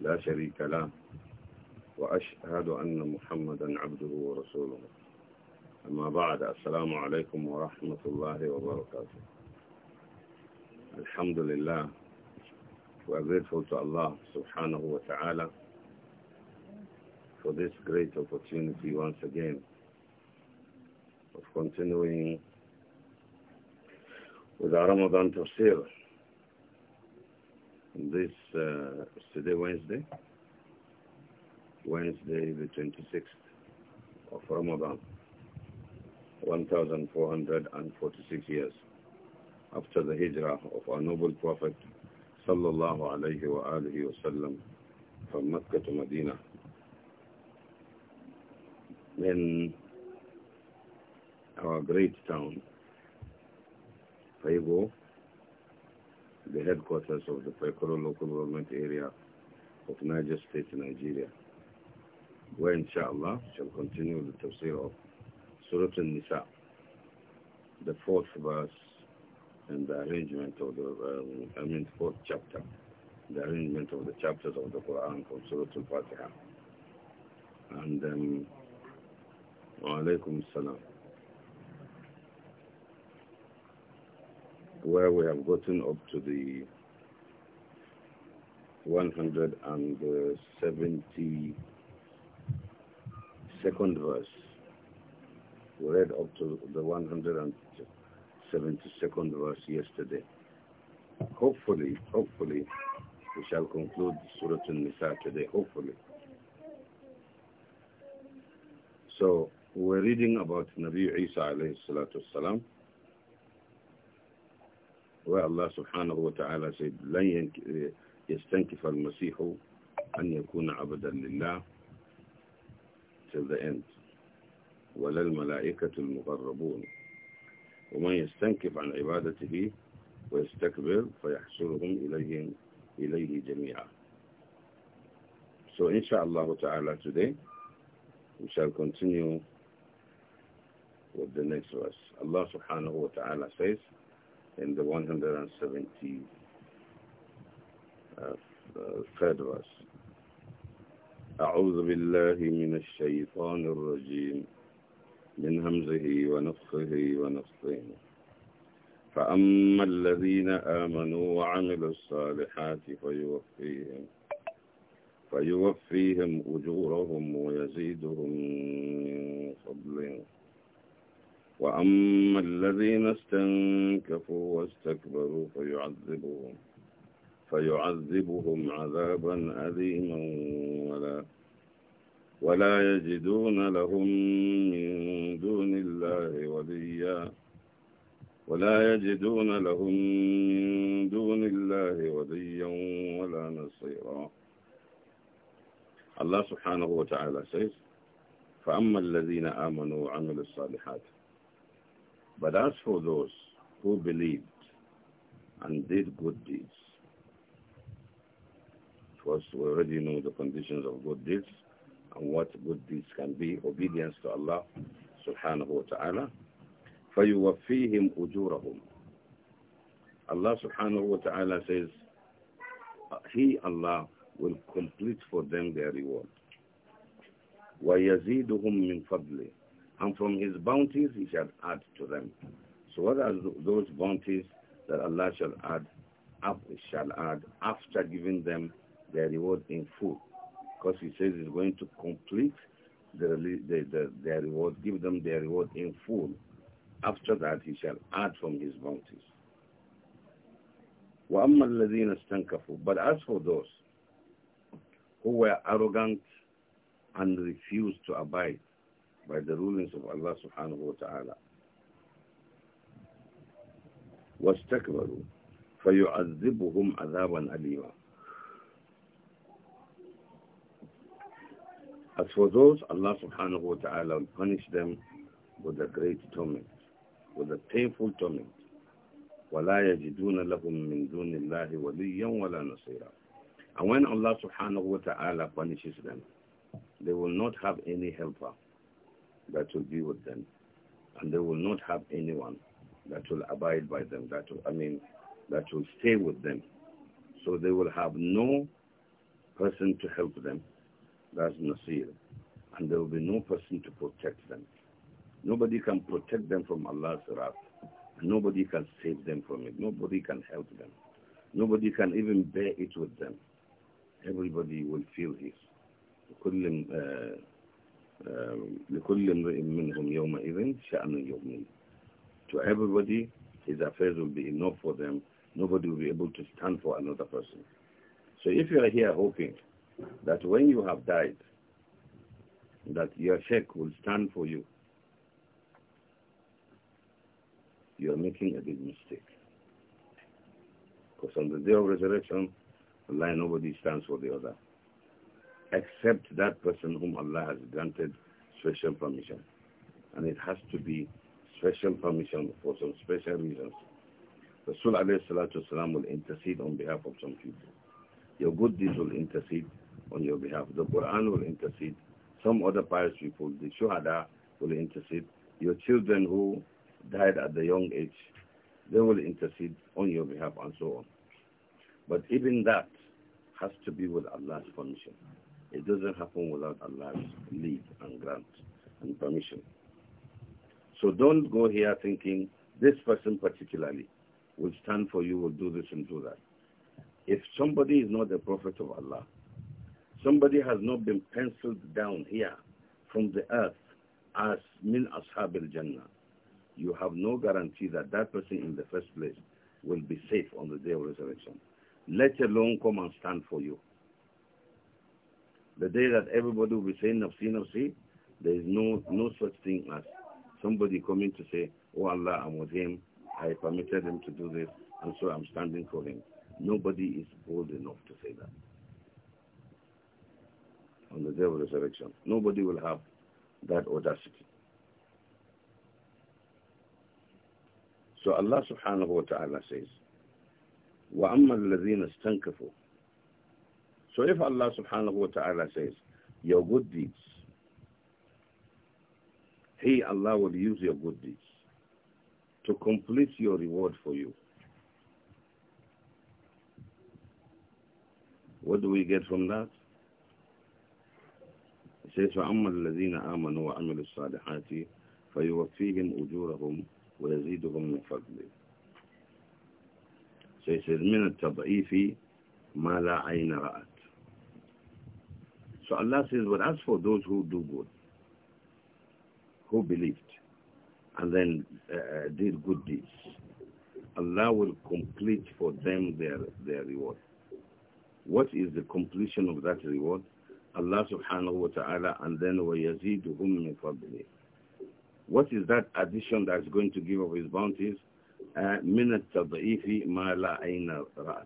لا شريك له وأشهد أن محمدا عبده ورسوله أما بعد السلام عليكم ورحمة الله وبركاته الحمد لله We are grateful to Allah subhanahu wa ta'ala for this great opportunity once again of continuing with our Ramadan tafsir this uh, today Wednesday, Wednesday the 26th of Ramadan, 1446 years after the hijrah of our noble prophet sallallahu alayhi wa alihi wasallam from Mecca to Medina. In our great town, Faygo, the headquarters of the Pekoro local government area of Niger State, Nigeria, where inshallah shall continue the tafsir of Surah Al-Nisa, the fourth verse and the arrangement of the, um, I mean fourth chapter, the arrangement of the chapters of the Quran from Surah Al-Fatiha. And um, Wa alaikum salam. where we have gotten up to the 172nd verse. We read up to the 172nd verse yesterday. Hopefully, hopefully, we shall conclude Surah An-Nisa today, hopefully. So, we're reading about Nabi Isa alayhi salatu salam والله سبحانه وتعالى سيد لن يستنكف المسيح أن يكون عبدا لله till the end ولا الملائكة المقربون ومن يستنكف عن عبادته ويستكبر فيحشرهم إليه إليه جميعا So إن شاء الله تعالى today we shall continue with the next verse. Allah subhanahu wa ta'ala says in the 173rd uh, verse. أعوذ بالله من الشيطان الرجيم من همزه ونفخه ونفخه فأما الذين آمنوا وعملوا الصالحات فيوفيهم فيوفيهم أجورهم ويزيدهم من فضله وأما الذين استنكفوا واستكبروا فيعذبهم فيعذبهم عذابا أليما ولا ولا يجدون لهم من دون الله وليا ولا يجدون لهم من دون الله وليا ولا نصيرا الله سبحانه وتعالى سيد فأما الذين آمنوا وعملوا الصالحات But as for those who believed and did good deeds, first we already know the conditions of good deeds and what good deeds can be, obedience to Allah subhanahu wa ta'ala. فَيُوَفِّيهِمْ أُجُورَهُمْ Allah subhanahu wa ta'ala says, He, Allah, will complete for them their reward. وَيَزِيدُهُمْ مِنْ فَضْلِهِ and from his bounties he shall add to them. So what are those bounties that Allah shall add, shall add after giving them their reward in full? Because he says he's going to complete their, their reward, give them their reward in full. After that he shall add from his bounties. وَأَمَّا الَّذِينَ اسْتَنْكَفُوا But as for those who were arrogant and refused to abide by the rulings of Allah subhanahu wa ta'ala. واستكبروا فيعذبهم عذابا أليما As for those, Allah subhanahu wa ta'ala will punish them with a great torment, with a painful torment. وَلَا يَجِدُونَ لَهُم مِّن دُونِ اللَّهِ وَلِيًّا وَلَا نَصِيرًا And when Allah subhanahu wa ta'ala punishes them, they will not have any helper that will be with them. And they will not have anyone that will abide by them, that will, I mean, that will stay with them. So they will have no person to help them, that's Nasir. And there will be no person to protect them. Nobody can protect them from Allah's wrath. Nobody can save them from it. Nobody can help them. Nobody can even bear it with them. Everybody will feel his. Uh, لكل امرئ منهم يومئذ شأن To everybody, his affairs will be enough for them. Nobody will be able to stand for another person. So if you are here hoping that when you have died, that your sheikh will stand for you, you are making a big mistake. Because on the day of resurrection, Allah nobody stands for the other except that person whom Allah has granted special permission. And it has to be special permission for some special reasons. Rasul والسلام, will intercede on behalf of some people. Your good deeds will intercede on your behalf. The Quran will intercede. Some other pious people, the shuhada, will intercede. Your children who died at the young age, they will intercede on your behalf and so on. But even that has to be with Allah's permission. It doesn't happen without Allah's leave and grant and permission. So don't go here thinking this person particularly will stand for you, will do this and do that. If somebody is not the prophet of Allah, somebody has not been penciled down here from the earth as min ashab al-jannah, you have no guarantee that that person in the first place will be safe on the day of resurrection, let alone come and stand for you. The day that everybody will be saying nafsi, sin, there is no, no such thing as somebody coming to say, oh Allah, I'm with him, I permitted him to do this, and so I'm standing for him. Nobody is bold enough to say that on the day of resurrection. Nobody will have that audacity. So Allah subhanahu wa ta'ala says, وَأَمَّا الَّذِينَ اسْتَنْكَفُوا so if Allah subhanahu wa ta'ala says, your good deeds, He, Allah, will use your good deeds to complete your reward for you. What do we get from that? It says, فَأَمَّا الَّذِينَ آمَنُوا وَعَمِلُوا الصَّالِحَاتِ فَيُوَفِّيهِمْ أُجُورَهُم وَيَزِيدُهُم مِنْ فَضْلِهِ So it says, مِنَ التَّضْعِيفِ مَا لَا عَيْنَ رَأَتْ so Allah says, but as for those who do good, who believed, and then uh, did good deeds, Allah will complete for them their, their reward. What is the completion of that reward? Allah subhanahu wa ta'ala and then وَيَزِيدُهُمْ مِنْ فَضْلِهِ What is that addition that's going to give of his bounties? مِنَ التَّضْعِيفِ مَا لَا عَيْنَ رَأَتْ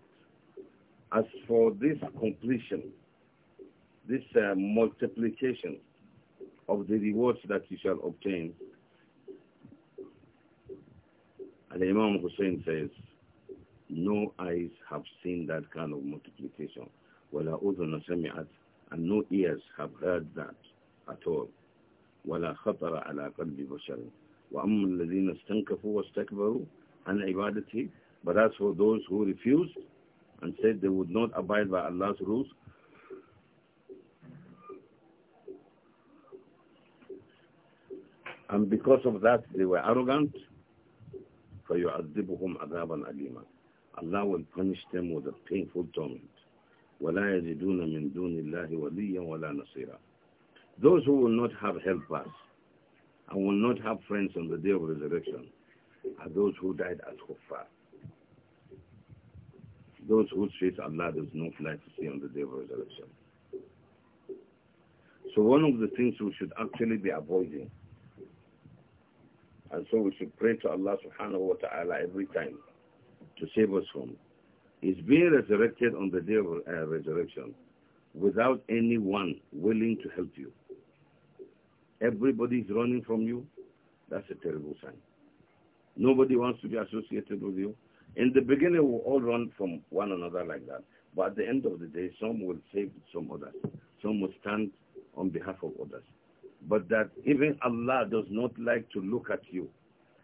As for this completion, this uh, multiplication of the rewards that you shall obtain. And Imam Hussein says, no eyes have seen that kind of multiplication. وَلَا أُذُنَ سَمِعَتْ And no ears have heard that at all. وَلَا خَطَرَ عَلَى قَلْبِ بَشَرٍ وَأَمَّا الَّذِينَ اسْتَنْكَفُوا وَاسْتَكْبَرُوا عَنْ عِبَادَتِهِ But as for those who refused and said they would not abide by Allah's rules, And because of that, they were arrogant. فَيُعَذِّبُهُمْ عَذَابًا أَلِيمًا Allah will punish them with a painful torment. وَلَا يَجِدُونَ مِن دُونِ اللَّهِ وَلِيًّا وَلَا نَصِيرًا Those who will not have helpers and will not have friends on the day of resurrection are those who died as kuffar. Those whose face Allah does not like to see on the day of resurrection. So one of the things we should actually be avoiding and so we should pray to Allah subhanahu wa ta'ala every time to save us from. He's being resurrected on the day of uh, resurrection without anyone willing to help you. Everybody's running from you. That's a terrible sign. Nobody wants to be associated with you. In the beginning, we'll all run from one another like that. But at the end of the day, some will save some others. Some will stand on behalf of others but that even Allah does not like to look at you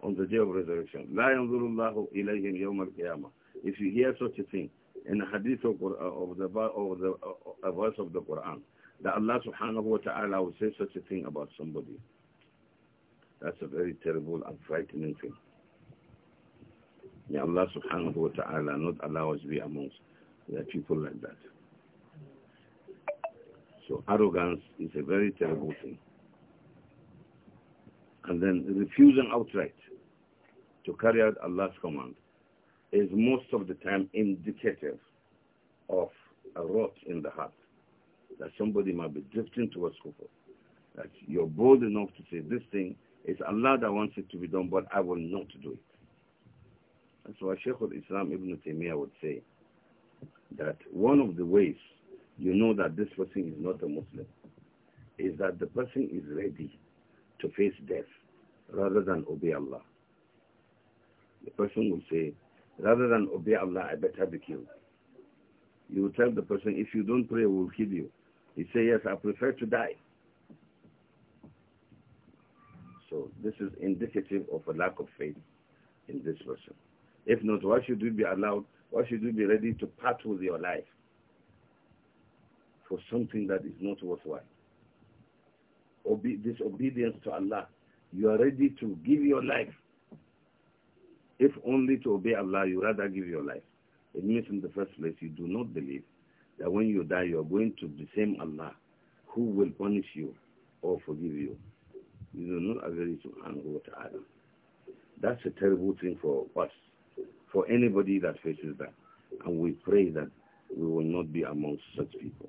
on the day of resurrection. لا ينظر الله إليهم يوم القيامة. If you hear such a thing in the hadith of, uh, of the of the of uh, verse of the Quran, that Allah subhanahu wa taala will say such a thing about somebody. That's a very terrible and frightening thing. May Allah subhanahu wa ta'ala not allow us to be amongst the people like that. So arrogance is a very terrible thing and then refusing outright to carry out Allah's command is most of the time indicative of a rot in the heart, that somebody might be drifting towards kufr. That you're bold enough to say, this thing is Allah that wants it to be done, but I will not do it. So, why Shaykh al-Islam Ibn Taymiyyah would say that one of the ways you know that this person is not a Muslim is that the person is ready to face death rather than obey Allah. The person will say, rather than obey Allah, I better be killed. You will tell the person, if you don't pray, we'll kill you. He say, yes, I prefer to die. So this is indicative of a lack of faith in this person. If not, why should we be allowed, why should we be ready to part with your life for something that is not worthwhile? obe disobedience to Allah, you are ready to give your life. If only to obey Allah, you rather give your life. It means in the first place, you do not believe that when you die, you are going to the same Allah who will punish you or forgive you. You do not agree to wa Adam. That's a terrible thing for us, for anybody that faces that. And we pray that we will not be amongst such people.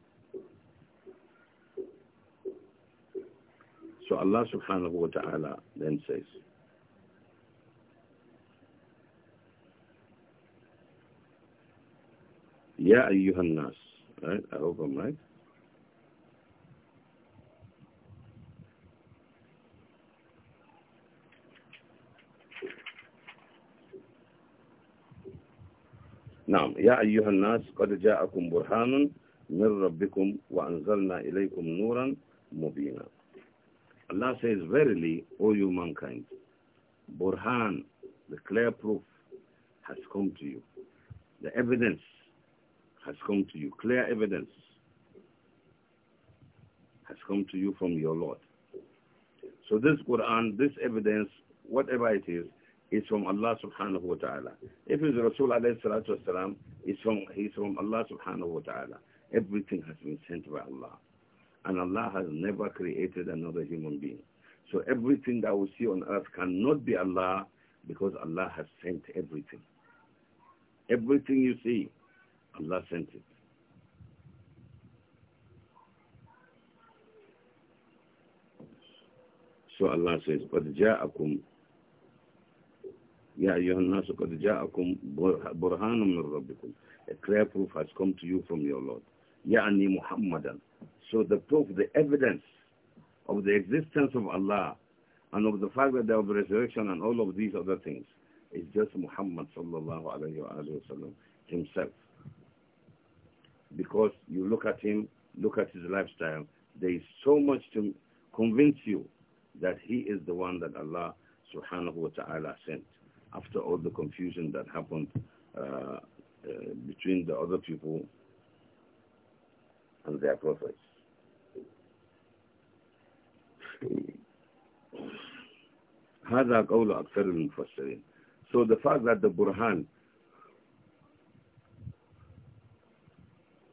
So Allah subhanahu wa ta'ala then says, Ya ayyuhan nas, right? I hope I'm right. نعم يا أيها الناس قد جاءكم برهان من ربكم وأنزلنا إليكم نورا مبينا Allah says, Verily, O you mankind, Burhan, the clear proof, has come to you. The evidence has come to you. Clear evidence has come to you from your Lord. So this Quran, this evidence, whatever it is, is from Allah subhanahu wa ta'ala. If it's Rasul alayhi salatu wasalam, it's from, he's from Allah subhanahu wa ta'ala. Everything has been sent by Allah. And Allah has never created another human being. So everything that we see on earth cannot be Allah because Allah has sent everything. Everything you see, Allah sent it. So Allah says, قَدْ جَاءَكُمْ يَا أَيُّهَا النَّاسُ قَدْ جَاءَكُمْ بُرْهَانٌ مِّن رَبِّكُمْ A clear proof has come to you from your Lord. يَعْنِي مُحَمَّدًا so the proof, the evidence of the existence of Allah and of the fact that there was resurrection and all of these other things is just Muhammad sallallahu alayhi wa sallam himself. Because you look at him, look at his lifestyle, there is so much to convince you that he is the one that Allah subhanahu wa ta'ala sent after all the confusion that happened uh, uh, between the other people and their prophets. هذا قول أكثر المفسرين so the fact that the Burhan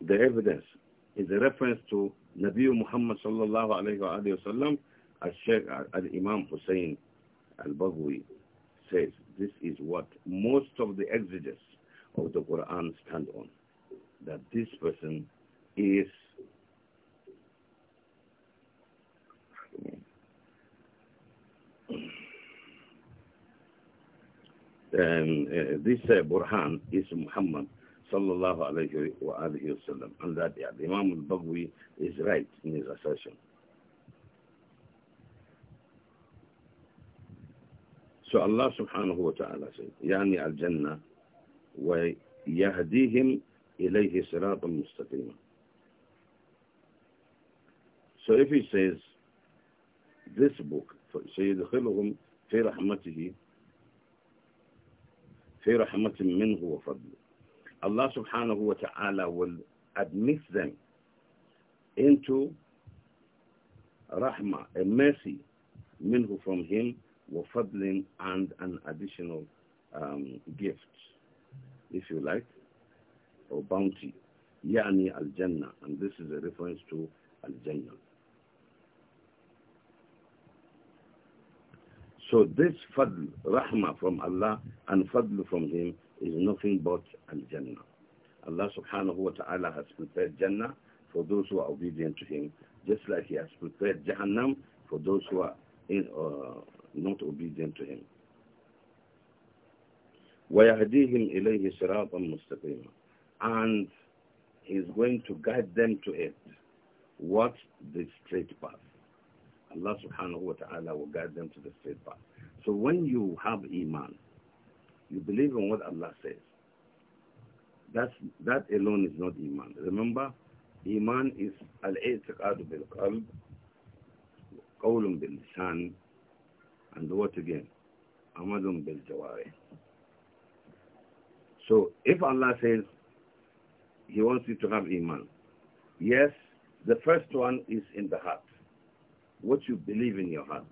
the evidence is a reference to Nabi Muhammad sallallahu alayhi wa sallam as Sheikh al-Imam Hussein al-Baghawi says this is what most of the exegetes of the Quran stand on that this person is And uh, this uh, Burhan is Muhammad sallallahu alayhi wa alayhi wasallam, and that yeah, Imam al-Baghawi is right in his assertion. So Allah subhanahu wa ta'ala said, يعني الجنة ويهديهم إليه صراط مستقيم. So if he says, this book, سيدخلهم في رحمته في رحمة منه وفضل Allah subhanahu wa ta'ala will admit them into rahmah, a mercy, منه from him, وفضل and an additional um, gift, if you like, or bounty, yani al-jannah, and this is a reference to al-jannah. So this fadl, rahmah from Allah and fadl from him is nothing but al-Jannah. Allah subhanahu wa ta'ala has prepared Jannah for those who are obedient to him, just like he has prepared Jahannam for those who are in, uh, not obedient to him. وَيَهْدِيهِمْ إِلَيْهِ صِرَاطًا مُسْتَقِيمًا And is going to guide them to it. What? The straight path. Allah subhanahu wa ta'ala will guide them to the straight path. So when you have Iman, you believe in what Allah says. That's, that alone is not Iman. Remember, Iman is al-i'tiqadu bil-qalb, qawlun bil-lisan, and what again? Amalun bil-jawari. So if Allah says He wants you to have Iman, yes, the first one is in the heart what you believe in your heart.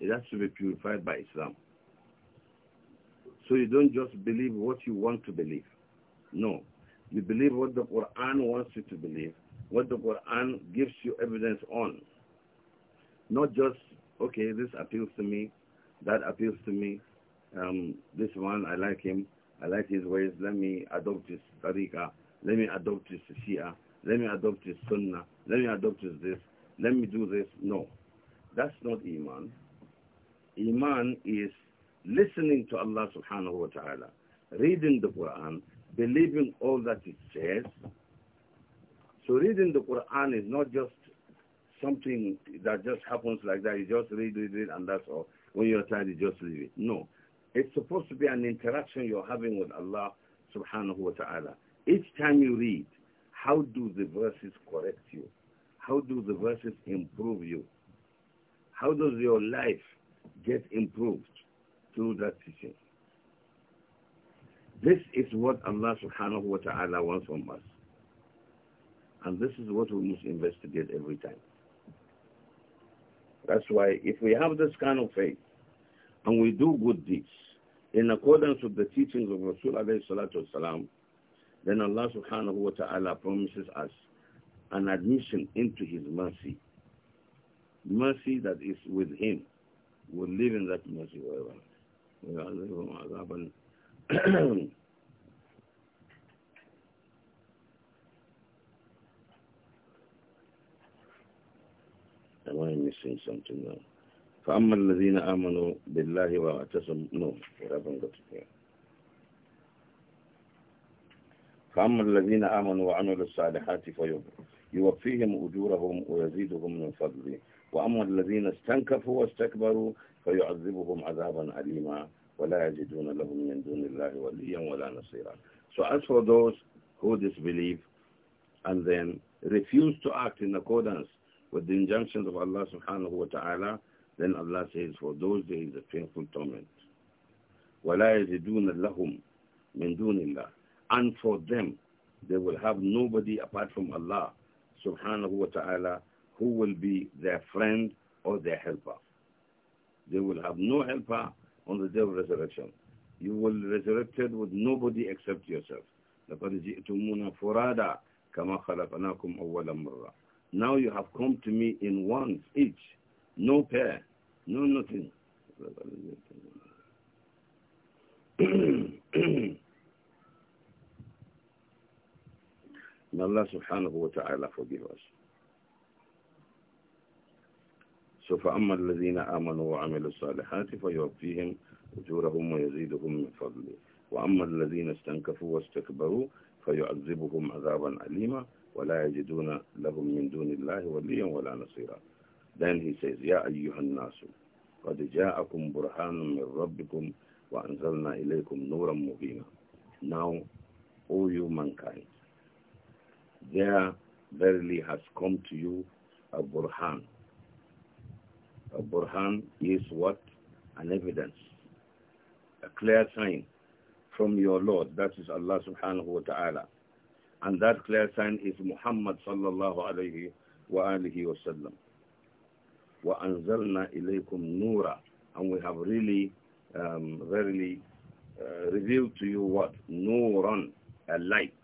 It has to be purified by Islam. So you don't just believe what you want to believe. No. You believe what the Quran wants you to believe, what the Quran gives you evidence on. Not just, okay, this appeals to me, that appeals to me, um, this one, I like him, I like his ways, let me adopt his tariqah, let me adopt his shia, let me adopt his sunnah, let me adopt his this, let me do this. No, that's not Iman. Iman is listening to Allah subhanahu wa ta'ala, reading the Quran, believing all that it says. So reading the Quran is not just something that just happens like that. You just read, read, read, and that's all. When you're tired, you just leave it. No. It's supposed to be an interaction you're having with Allah subhanahu wa ta'ala. Each time you read, how do the verses correct you? How do the verses improve you? How does your life get improved through that teaching? This is what Allah subhanahu wa ta'ala wants from us. And this is what we must investigate every time. That's why if we have this kind of faith and we do good deeds in accordance with the teachings of Rasul alayhi salatu wasalam, then Allah subhanahu wa ta'ala promises us an admission into his mercy. Mercy that is with him We live in that mercy forever. Am I missing something now? فأما الذين آمنوا بالله واعتصموا no, got here. فأما الذين آمنوا وعملوا الصالحات فيبرون يوفيهم أجورهم ويزيدهم من فضله وأما الذين استنكفوا واستكبروا فيعذبهم عذابا أليما ولا يجدون لهم من دون الله وليا ولا نصيرا So as for those who disbelieve and then refuse to act in accordance with the injunctions of Allah subhanahu wa ta'ala, then Allah says, for those days a painful torment. وَلَا يَزِدُونَ لَهُمْ مِن دُونِ اللَّهِ And for them, they will have nobody apart from Allah subhanahu wa ta'ala who will be their friend or their helper. They will have no helper on the day of resurrection. You will be resurrected with nobody except yourself. Now you have come to me in ones each, no pair, no nothing. May Allah subhanahu wa ta'ala forgive us. So فأما الذين آمنوا وعملوا الصالحات فيوفيهم أجورهم ويزيدهم من فضله وأما الذين استنكفوا واستكبروا فيعذبهم عذابا أليما ولا يجدون لهم من دون الله وليا ولا نصيرا Then he says, يا أيها الناس قد جاءكم برهان من ربكم وأنزلنا إليكم نورا مبينا Now, O you mankind, there verily has come to you a burhan. A burhan is what? An evidence, a clear sign from your Lord. That is Allah subhanahu wa ta'ala. And that clear sign is Muhammad sallallahu alayhi wa alihi wa sallam. وَأَنزَلْنَا إِلَيْكُمْ نُورًا And we have really, um, verily uh, revealed to you what? Nuran, a light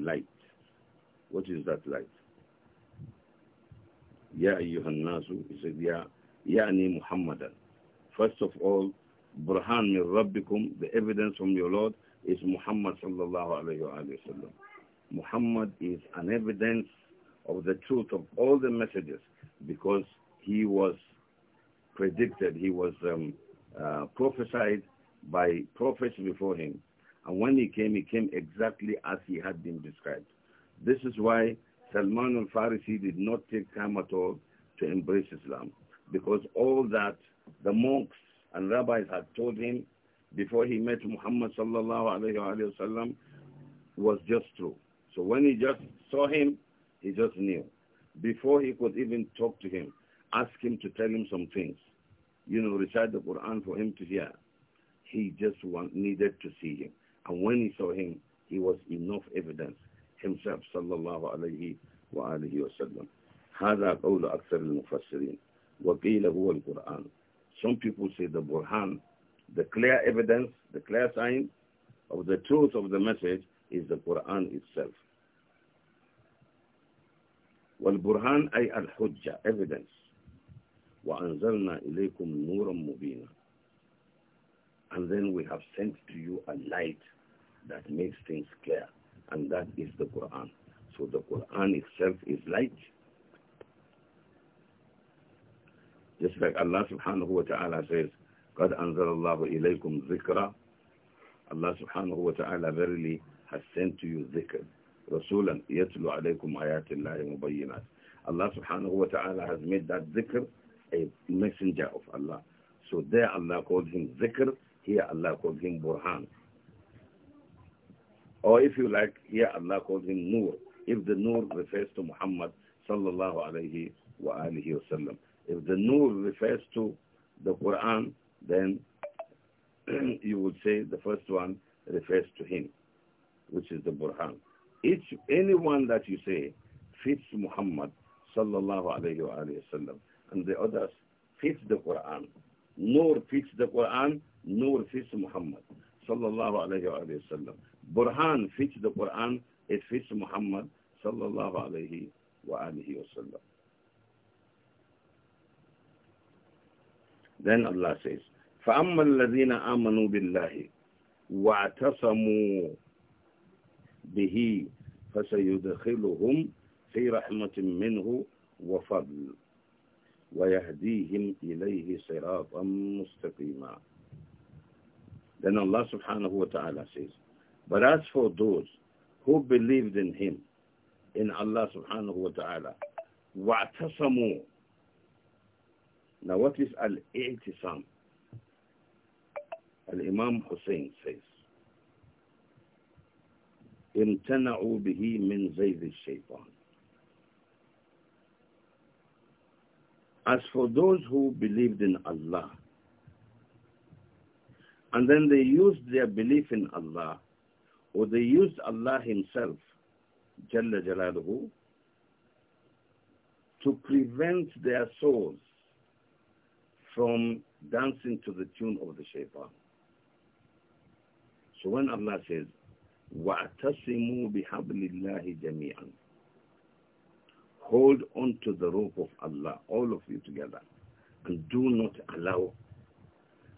light. What is that light? Ya ayyuhan nasu, he said, Ya, Ni Muhammadan. First of all, Burhan min Rabbikum, the evidence from your Lord, is Muhammad sallallahu alayhi wa sallam. Muhammad is an evidence of the truth of all the messages because he was predicted, he was um, uh, prophesied by prophets before him and when he came, he came exactly as he had been described. This is why Salman al-Farisi did not take time at all to embrace Islam, because all that the monks and rabbis had told him before he met Muhammad sallallahu alayhi wa sallam was just true. So when he just saw him, he just knew. Before he could even talk to him, ask him to tell him some things, you know, recite the Quran for him to hear, he just want, needed to see him. And when he saw him, he was enough evidence himself, sallallahu alayhi wa alayhi wa sallam. هذا قول أكثر المفسرين وقيل هو القرآن. Some people say the Quran, the clear evidence, the clear sign of the truth of the message is the Quran itself. والبرهان أي الحجة evidence وأنزلنا إليكم نورا مبينا and then we have sent to you a light that makes things clear, and that is the Quran. So the Quran itself is light. Just like Allah subhanahu wa ta'ala says, قَدْ أَنزَلَ اللَّهُ إِلَيْكُمْ ذِكْرًا Allah subhanahu wa ta'ala verily has sent to you dhikr. رَسُولًا يَتْلُ عَلَيْكُمْ آيَاتِ اللَّهِ مُبَيِّنَاتٍ Allah subhanahu wa ta'ala has made that dhikr a messenger of Allah. So there Allah called him dhikr, here Allah called him burhan. Or if you like, here Allah calls him Nur, if the Nur refers to Muhammad sallallahu alayhi wa alihi wasallam. If the Nur refers to the Quran, then you would say the first one refers to him, which is the Burhan. Each, anyone that you say fits Muhammad sallallahu alayhi wa alayhi wasallam, and the others fits the Quran. Nur fits the Quran, Nur fits Muhammad sallallahu alayhi wa alayhi wasallam. برهان fits the Quran, it fits Muhammad sallallahu alayhi wa alihi wasallam. Then Allah says, فَأَمَّا الَّذِينَ آمَنُوا بِاللَّهِ وَاعْتَصَمُوا بِهِ فَسَيُدْخِلُهُمْ في رحمة منه وفضل ويهديهم إليه صراطا مستقيما Then Allah subhanahu wa ta'ala says, But as for those who believed in him, in Allah subhanahu wa ta'ala, wa'tasamu. Now what is al-i'tisam? Al-Imam Hussein says, امتنعوا به من زيد الشيطان. As for those who believed in Allah, and then they used their belief in Allah or they used Allah himself, Jalla Jalaluhu, to prevent their souls from dancing to the tune of the shaitan. So when Allah says, وَأَتَصِمُوا بِحَبْلِ اللَّهِ جَمِيعًا Hold on to the rope of Allah, all of you together, and do not allow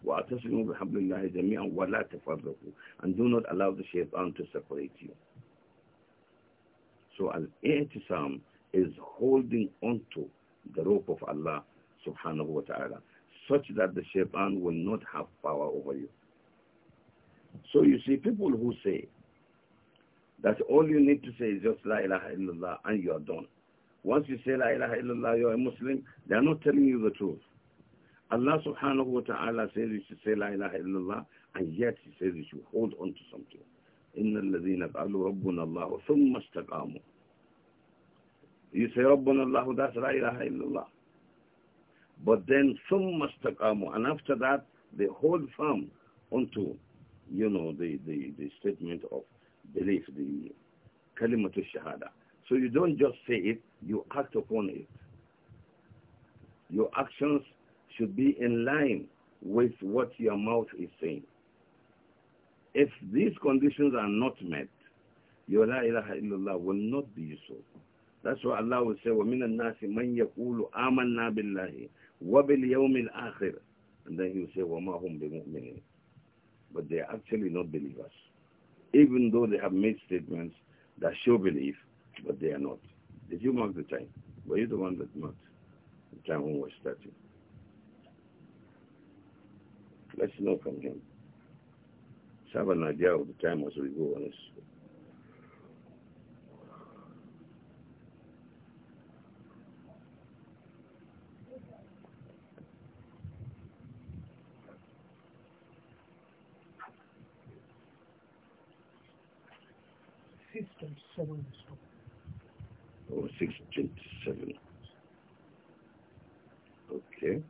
بِحَبْلِ اللَّهِ جَمِيعًا وَلَا تَفَرَّقُوا And do not allow the shaitan to separate you. So al-i'tisam is holding onto the rope of Allah subhanahu wa ta'ala such that the shaitan will not have power over you. So you see people who say that all you need to say is just la ilaha illallah and you are done. Once you say la ilaha illallah, you are a Muslim, they are not telling you the truth. Allah subhanahu wa ta'ala says you should say la ilaha illallah, and yet he says you should hold on to something. إِنَّ الَّذِينَ قَالُوا رَبُّنَا اللَّهُ ثُمَّ اسْتَقَامُوا You say رَبُّنَا اللَّهُ, that's la ilaha illallah. But then ثُمَّ اسْتَقَامُوا And after that, they hold firm onto, you know, the, the, the statement of belief, the kalimatu shahada. So you don't just say it, you act upon it. Your actions should be in line with what your mouth is saying. If these conditions are not met, your la ilaha illallah will not be useful. That's why Allah will say, وَمِنَ النَّاسِ مَنْ يَقُولُ آمَنَّا بِاللَّهِ وَبِالْيَوْمِ الْآخِرِ And then he will say, وَمَا هُمْ بِمُؤْمِنِينَ But they are actually not believers. Even though they have made statements that show belief, but they are not. Did you mark the time? Were you the one that marked the time when we were starting? Let's know from him. Let's have an idea of the time as we go on this. Oh, seven Okay.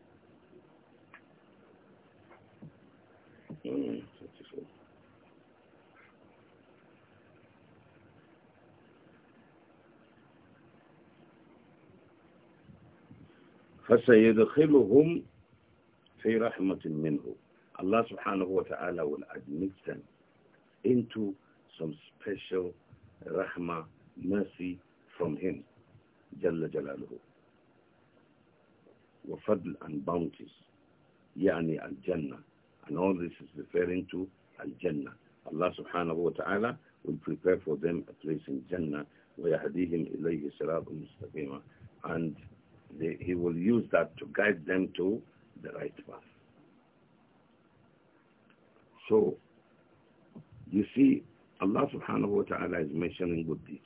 فسيدخلهم في رحمة منه Allah subhanahu wa ta'ala will admit them into some special رحمة mercy from him, جل جلاله وفضل and bounties, يعني الجنة And all this is referring to Al-Jannah. Allah subhanahu wa ta'ala will prepare for them a place in Jannah وَيَهْدِيهِمْ إِلَيْهِ صِرَاطٌ مُسْتَقِيمًا And they, he will use that to guide them to the right path. So, you see, Allah subhanahu wa ta'ala is mentioning good deeds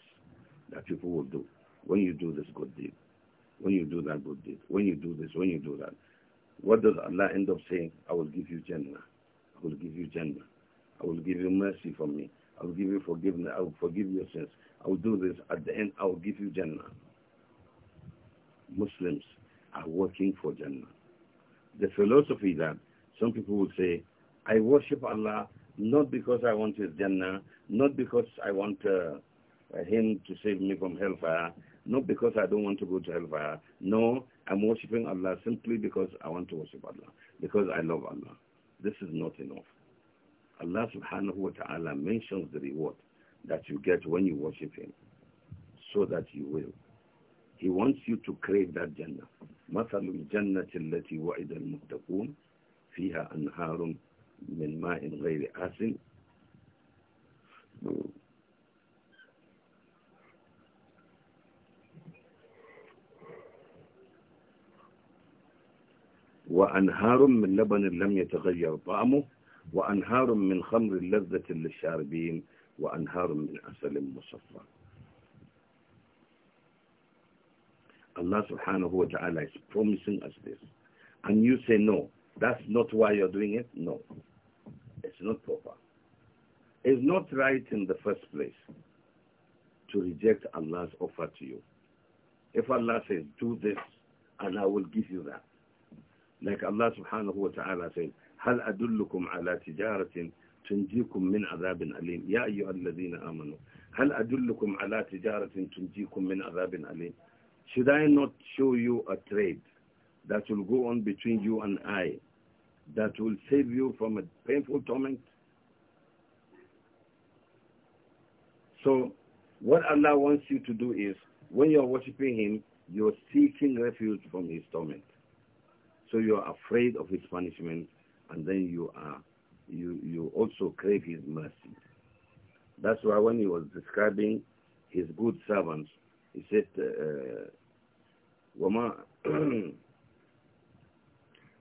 that people will do. When you do this good deed, when you do that good deed, when you do this, when you do that, what does Allah end up saying? I will give you Jannah. I will give you Jannah. I will give you mercy from me. I will give you forgiveness. I will forgive your sins. I will do this. At the end, I will give you Jannah. Muslims are working for Jannah. The philosophy that some people will say, I worship Allah not because I want his Jannah, not because I want uh, him to save me from hellfire, not because I don't want to go to hellfire. No, I'm worshiping Allah simply because I want to worship Allah, because I love Allah. This is not enough. Allah subhanahu wa ta'ala mentions the reward that you get when you worship him, so that you will. He wants you to create that Jannah. مثل الجنة التي وعد المتقون فيها أنهار من ماء غير آسن وأنهار من لبن لم يتغير طعمه وأنهار من خمر لذة للشاربين وأنهار من عسل مصفى Allah subhanahu wa ta'ala is promising us this. And you say, no, that's not why you're doing it. No, it's not proper. It's not right in the first place to reject Allah's offer to you. If Allah says, do this, and I will give you that. Like Allah subhanahu wa ta'ala said, هل أدلكم على تجارة تنجيكم من عذاب أليم يا أيها الذين آمنوا هل أدلكم على تجارة تنجيكم من عذاب أليم Should I not show you a trade that will go on between you and I that will save you from a painful torment? So what Allah wants you to do is when you're worshiping him, you're seeking refuge from his torment. So you are afraid of his punishment and then you are you you also crave his mercy. That's why when he was describing his good servants, he said uh, وما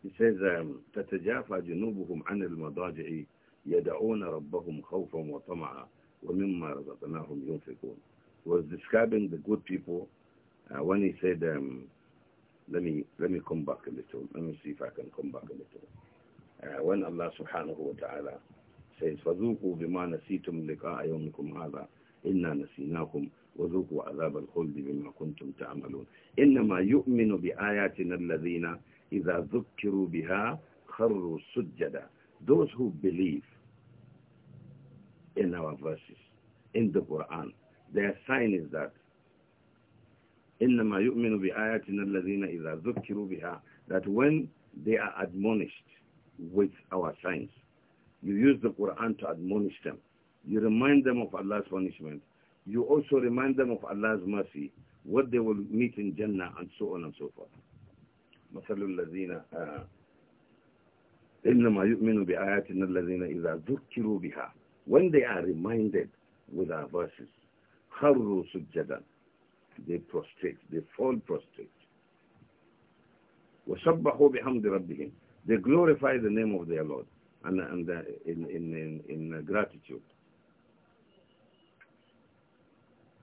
he says تتجافى جنوبهم عن المضاجع يدعون ربهم خوفا وطمعا ومما رزقناهم ينفقون was describing the good people uh, when he said um, let me let me come back a little. Let me see if I can come back a little. Uh, when Allah subhanahu wa ta'ala says, فَذُوقُوا بِمَا نَسِيتُمْ لِقَاءَ يَوْمِكُمْ هَذَا إِنَّا نَسِينَاكُمْ وذوقوا عذاب الخلد بما كنتم تعملون إنما يؤمن بآياتنا الذين إذا ذكروا بها خروا سجدا those who believe in our verses in the Quran their sign is that إنما يؤمن بآياتنا الذين إذا ذكروا بها that when they are admonished with our signs you use the Quran to admonish them you remind them of Allah's punishment you also remind them of Allah's mercy what they will meet in Jannah and so on and so forth مثل الذين إنما يؤمن بآياتنا الذين إذا ذكروا بها when they are reminded with our verses خروا سجدا they prostrate, they fall prostrate. وَسَبَّحُوا بِحَمْدِ رَبِّهِمْ They glorify the name of their Lord and, and uh, in, in, in, in uh, gratitude.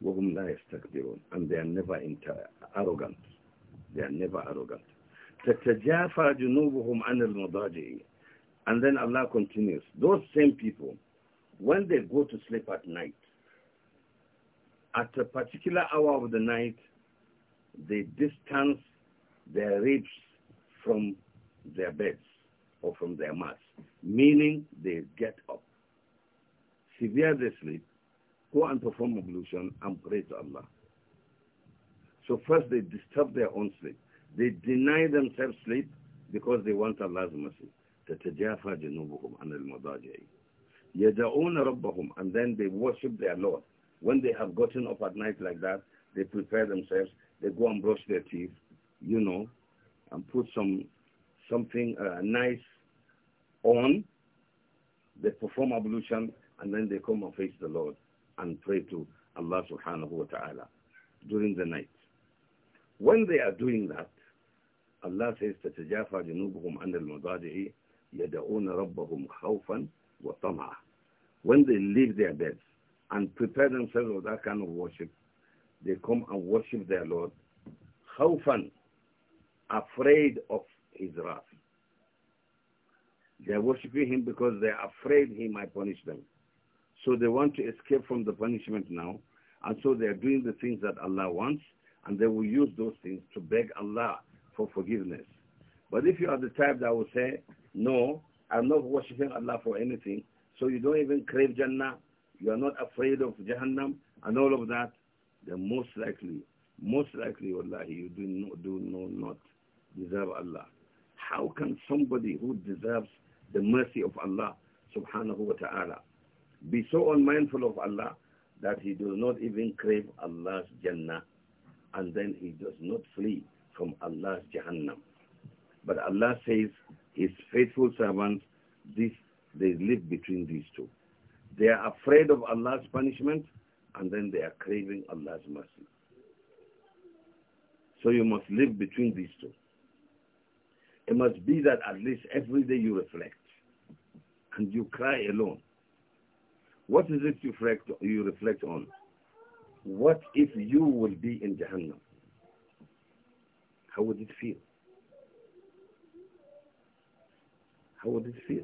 وهم لا يستكبرون and they are never arrogant they are never arrogant تتجافى جنوبهم عن المضاجع and then Allah continues those same people when they go to sleep at night at a particular hour of the night, they distance their ribs from their beds or from their mats, meaning they get up. Severe their sleep, go and perform ablution and pray to Allah. So first they disturb their own sleep. They deny themselves sleep because they want Allah's mercy. تتجافى جنوبهم عن المضاجع يدعون ربهم and then they worship their Lord when they have gotten up at night like that, they prepare themselves, they go and brush their teeth, you know, and put some something uh, nice on, they perform ablution, and then they come and face the Lord and pray to Allah subhanahu wa ta'ala during the night. When they are doing that, Allah says, تَتَجَافَى جُنُوبُهُمْ عَنِ الْمَضَاجِعِ يَدَعُونَ رَبَّهُمْ خَوْفًا وَطَمَعًا When they leave their beds, and prepare themselves for that kind of worship, they come and worship their Lord, khawfan, afraid of his wrath. They are worshiping him because they are afraid he might punish them. So they want to escape from the punishment now, and so they are doing the things that Allah wants, and they will use those things to beg Allah for forgiveness. But if you are the type that will say, no, I'm not worshiping Allah for anything, so you don't even crave Jannah, you are not afraid of Jahannam and all of that, then most likely, most likely, Allah, you do not, do not deserve Allah. How can somebody who deserves the mercy of Allah, subhanahu wa ta'ala, be so unmindful of Allah that he does not even crave Allah's Jannah and then he does not flee from Allah's Jahannam. But Allah says, his faithful servants, this, they live between these two. They are afraid of Allah's punishment and then they are craving Allah's mercy. So you must live between these two. It must be that at least every day you reflect and you cry alone. What is it you reflect, you reflect on? What if you will be in Jahannam? How would it feel? How would it feel?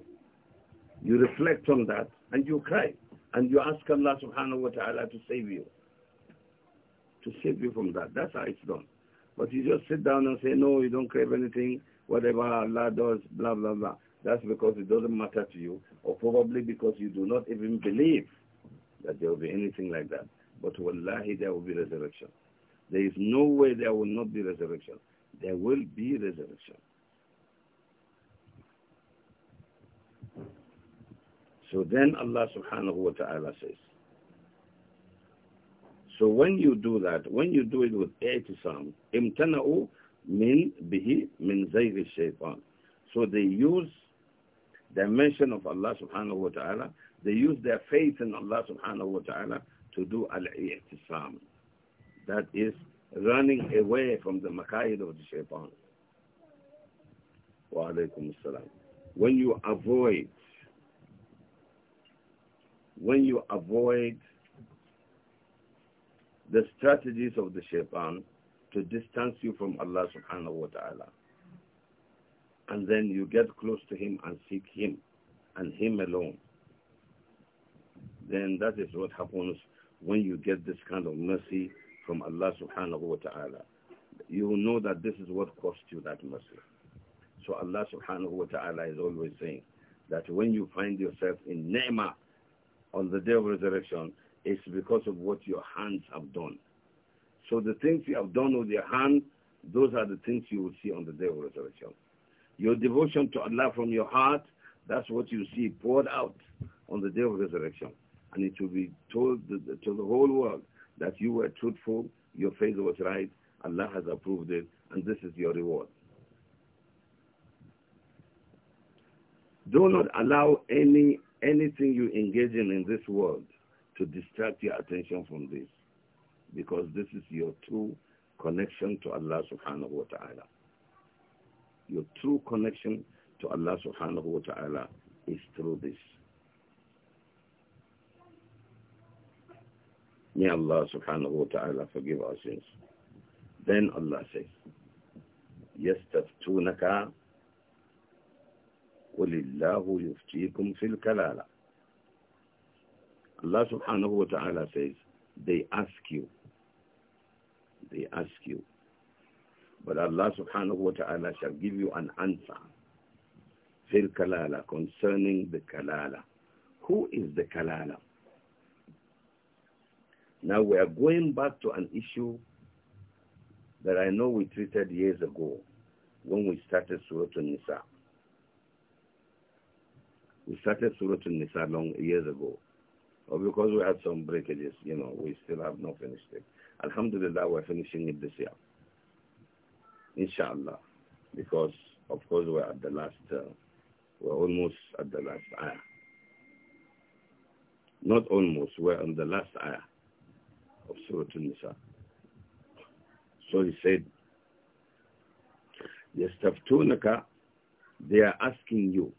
You reflect on that and you cry and you ask Allah subhanahu wa ta'ala to save you. To save you from that. That's how it's done. But you just sit down and say, no, you don't crave anything, whatever Allah does, blah, blah, blah. That's because it doesn't matter to you, or probably because you do not even believe that there will be anything like that. But wallahi, there will be resurrection. There is no way there will not be resurrection. There will be resurrection. So then Allah subhanahu wa ta'ala says, so when you do that, when you do it with i'tisam, imtana'u min bihi min zayri shaitan. So they use the mention of Allah subhanahu wa ta'ala, they use their faith in Allah subhanahu wa ta'ala to do al-i'tisam. That is running away from the makayid of the shaitan. Wa alaykum When you avoid when you avoid the strategies of the shaitan to distance you from Allah subhanahu wa ta'ala. And then you get close to him and seek him and him alone. Then that is what happens when you get this kind of mercy from Allah subhanahu wa ta'ala. You know that this is what cost you that mercy. So Allah subhanahu wa ta'ala is always saying that when you find yourself in ni'mah, on the day of resurrection is because of what your hands have done. So the things you have done with your hand, those are the things you will see on the day of resurrection. Your devotion to Allah from your heart, that's what you see poured out on the day of resurrection. And it will be told to the whole world that you were truthful, your faith was right, Allah has approved it, and this is your reward. Do not allow any anything you engage in in this world to distract your attention from this because this is your true connection to Allah subhanahu wa ta'ala. Your true connection to Allah subhanahu wa ta'ala is through this. May Allah subhanahu wa ta'ala forgive our sins. Then Allah says, يَسْتَفْتُونَكَ وَلِلَّهِ يُفْتِيكُمْ فِي الْكَلَالَةِ Allah subhanahu wa ta'ala says, they ask you. They ask you. But Allah subhanahu wa ta'ala shall give you an answer. Fil kalala, concerning the kalala. Who is the kalala? Now we are going back to an issue that I know we treated years ago when we started Surah Nisa. We started Surah al nisa long years ago. but because we had some breakages, you know, we still have not finished it. Alhamdulillah, we're finishing it this year. Inshallah. Because, of course, we're at the last, uh, we're almost at the last ayah. Not almost, we're on the last ayah of Surah al nisa So he said, يَسْتَفْتُونَكَ They are asking you,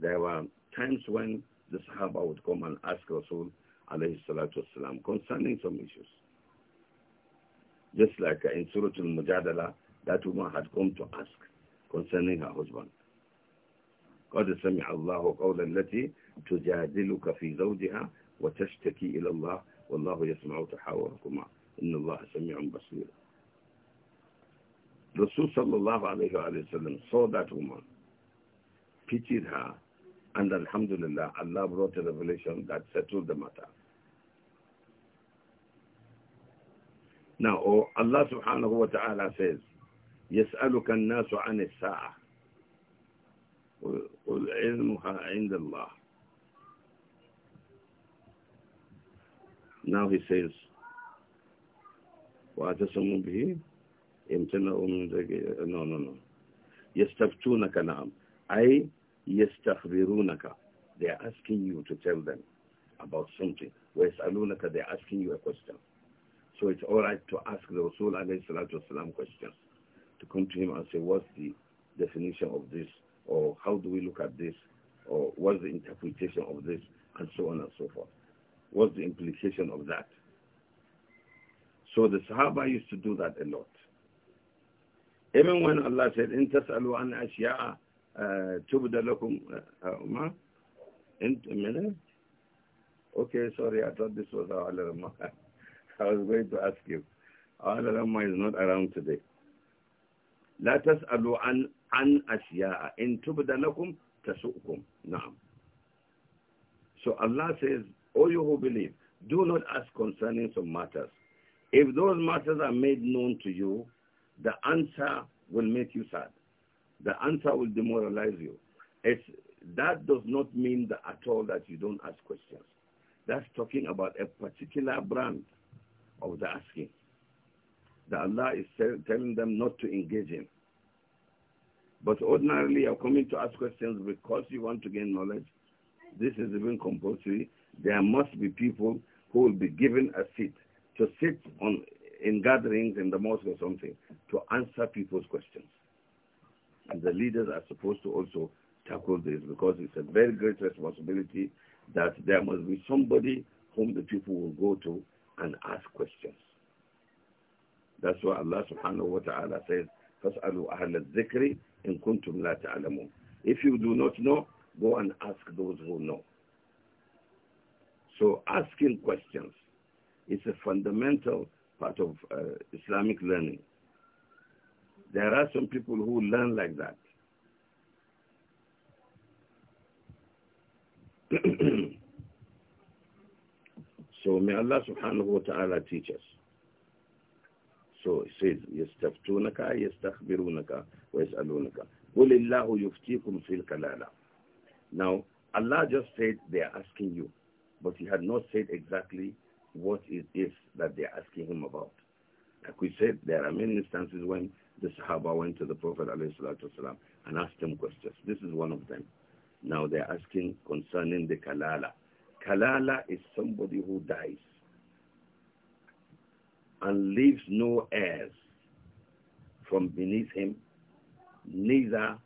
there were times when the Sahaba would come and ask Rasul alayhi salatu wasalam concerning some issues. Just like in Surah Al-Mujadala, that woman had come to ask concerning her husband. قد سمع الله قولا التي تجادلك في زوجها وتشتكي إلى الله والله يسمع تحاوركما إن الله سميع بصير Rasul صلى الله عليه وسلم saw that woman pitied her, and Alhamdulillah, Allah brought a revelation that settled the matter. Now, oh, Allah subhanahu wa ta'ala says, يَسْأَلُكَ النَّاسُ عَنِ السَّاعَةِ قُلْ عِلْمُهَا عِنْدَ اللَّهِ Now he says, وَأَتَسَمُوا بِهِ يَمْتَنَعُوا مِنْ ذَكِي No, no, no. يَسْتَفْتُونَكَ نَعَمْ أي yastaghfirunaka. They are asking you to tell them about something. وَيَسْأَلُونَكَ They are asking you a question. So it's all right to ask the Rasul alayhi salatu wasalam questions. To come to him and say, what's the definition of this? Or how do we look at this? Or what's the interpretation of this? And so on and so forth. What's the implication of that? So the Sahaba used to do that a lot. Even when Allah said, إِن تَسْأَلُوا تبدى لكم هؤلاء انت من Okay, sorry, I thought this was Aala I was going to ask you. Aala is not around today. لا تسألوا عن عن أشياء إن تبد لكم تسؤكم. نعم. So Allah says, "All you who believe, do not ask concerning some matters. If those matters are made known to you, the answer will make you sad the answer will demoralize you. It's, that does not mean that at all that you don't ask questions. That's talking about a particular brand of the asking. That Allah is telling them not to engage in. But ordinarily, you're coming to ask questions because you want to gain knowledge. This is even compulsory. There must be people who will be given a seat to sit on in gatherings in the mosque or something to answer people's questions. And the leaders are supposed to also tackle this because it's a very great responsibility that there must be somebody whom the people will go to and ask questions. That's why Allah subhanahu wa ta'ala says, فَاسْأَلُوا أَهْلَ الذِّكْرِ إِن كُنْتُمْ لَا تَعْلَمُونَ If you do not know, go and ask those who know. So asking questions is a fundamental part of uh, Islamic learning. There are some people who learn like that. so may Allah subhanahu wa ta'ala teach us. So he says, يَسْتَفْتُونَكَ يَسْتَخْبِرُونَكَ وَيَسْأَلُونَكَ قُلِ اللَّهُ يُفْتِيكُمْ فِي الْكَلَالَةِ Now, Allah just said they are asking you, but he had not said exactly what it is that they are asking him about. Like we said, there are many instances when the Sahaba went to the Prophet والسلام, and asked him questions. This is one of them. Now they're asking concerning the Kalala. Kalala is somebody who dies and leaves no heirs from beneath him, neither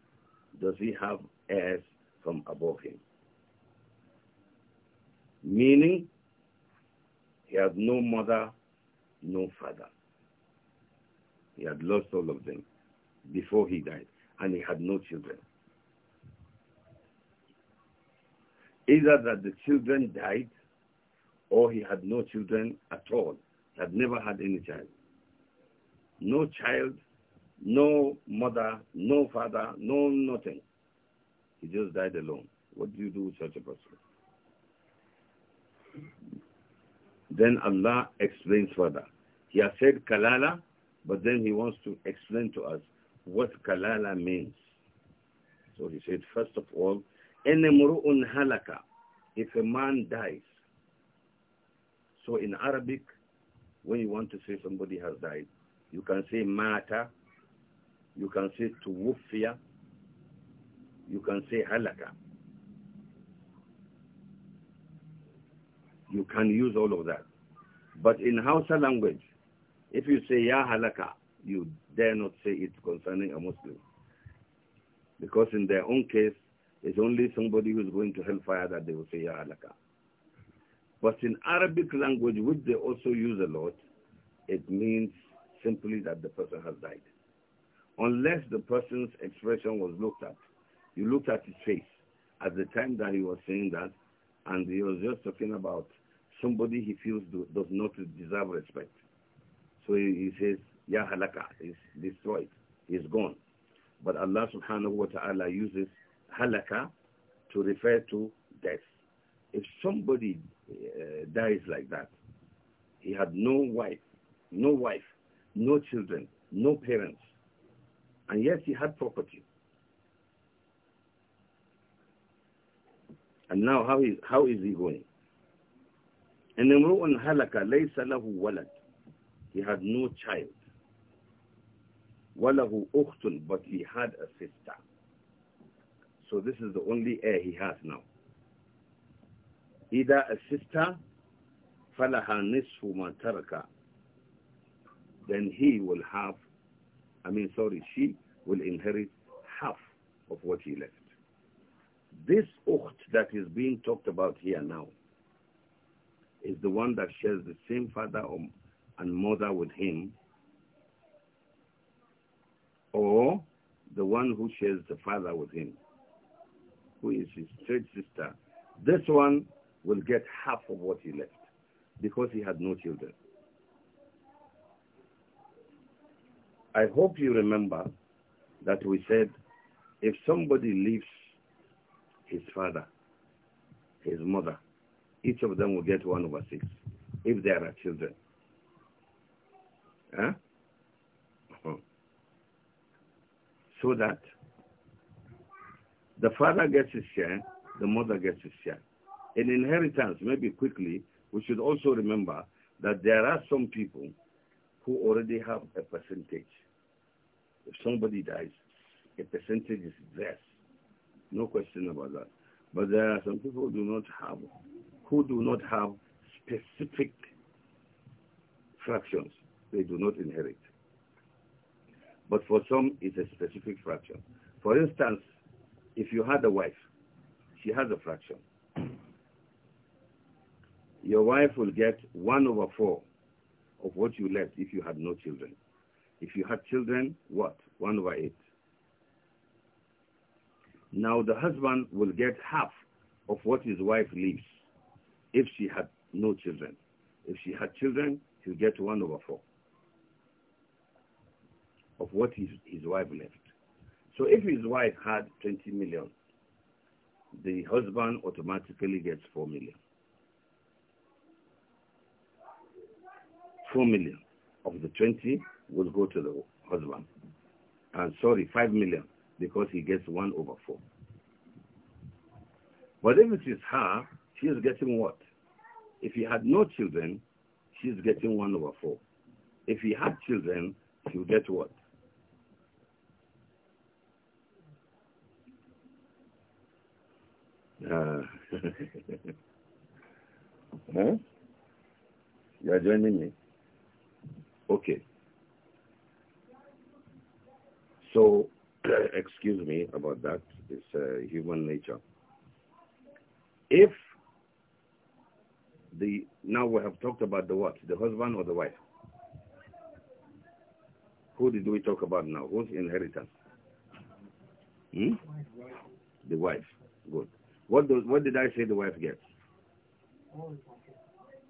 does he have heirs from above him. Meaning, he has no mother, no father. He had lost all of them before he died, and he had no children. Either that the children died, or he had no children at all, he had never had any child. No child, no mother, no father, no nothing. He just died alone. What do you do with such a person? Then Allah explains further. He has said, Kalala, but then he wants to explain to us what kalala means. So he said, first of all, enemru'un halaka, if a man dies. So in Arabic, when you want to say somebody has died, you can say mata, you can say tuwufia, you can say halaka. You can use all of that. But in Hausa language, if you say ya halaka, you dare not say it concerning a Muslim. Because in their own case, it's only somebody who's going to hellfire that they will say ya halaka. But in Arabic language, which they also use a lot, it means simply that the person has died. Unless the person's expression was looked at. You looked at his face at the time that he was saying that, and he was just talking about somebody he feels do, does not deserve respect. So he, he says, Ya halaka, he's destroyed, he's gone. But Allah subhanahu wa ta'ala uses halaka to refer to death. If somebody uh, dies like that, he had no wife, no wife, no children, no parents, and yet he had property. And now how is, how is he going? And then halaka laysa lahu walad. He had no child. Walahu uchtun, But he had a sister. So this is the only heir he has now. Either a sister, falaha nisfu ma تَرَكَ Then he will have, I mean, sorry, she will inherit half of what he left. This ukht that is being talked about here now is the one that shares the same father or and mother with him, or the one who shares the father with him, who is his third sister, this one will get half of what he left because he had no children. I hope you remember that we said if somebody leaves his father, his mother, each of them will get one over six if there are children. Uh-huh. So that the father gets his share, the mother gets his share. In inheritance, maybe quickly, we should also remember that there are some people who already have a percentage. If somebody dies, a percentage is theirs. No question about that. But there are some people who do not have, who do not have specific fractions they do not inherit. But for some, it's a specific fraction. For instance, if you had a wife, she has a fraction. Your wife will get 1 over 4 of what you left if you had no children. If you had children, what? 1 over 8. Now the husband will get half of what his wife leaves if she had no children. If she had children, he'll get 1 over 4 of what his, his wife left. So if his wife had 20 million, the husband automatically gets 4 million. 4 million of the 20 will go to the husband. And sorry, 5 million because he gets 1 over 4. But if it is her, she is getting what? If he had no children, she's getting 1 over 4. If he had children, she'll get what? Uh, huh? You are joining me? Okay. So, excuse me about that. It's uh, human nature. If the, now we have talked about the what? The husband or the wife? Who did we talk about now? Whose inheritance? Hmm? The wife. Good. What what did I say the wife gets?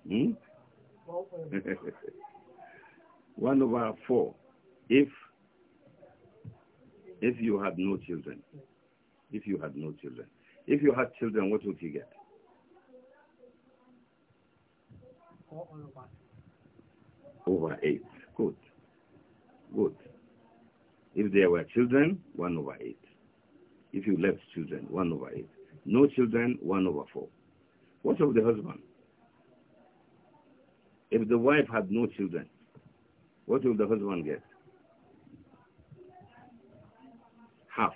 Hmm? One over four. If if you had no children, if you had no children, if you had children, what would you get? Over eight. Good. Good. If there were children, one over eight. If you left children, one over eight. No children, 1 over 4. What of the husband? If the wife had no children, what will the husband get? Half.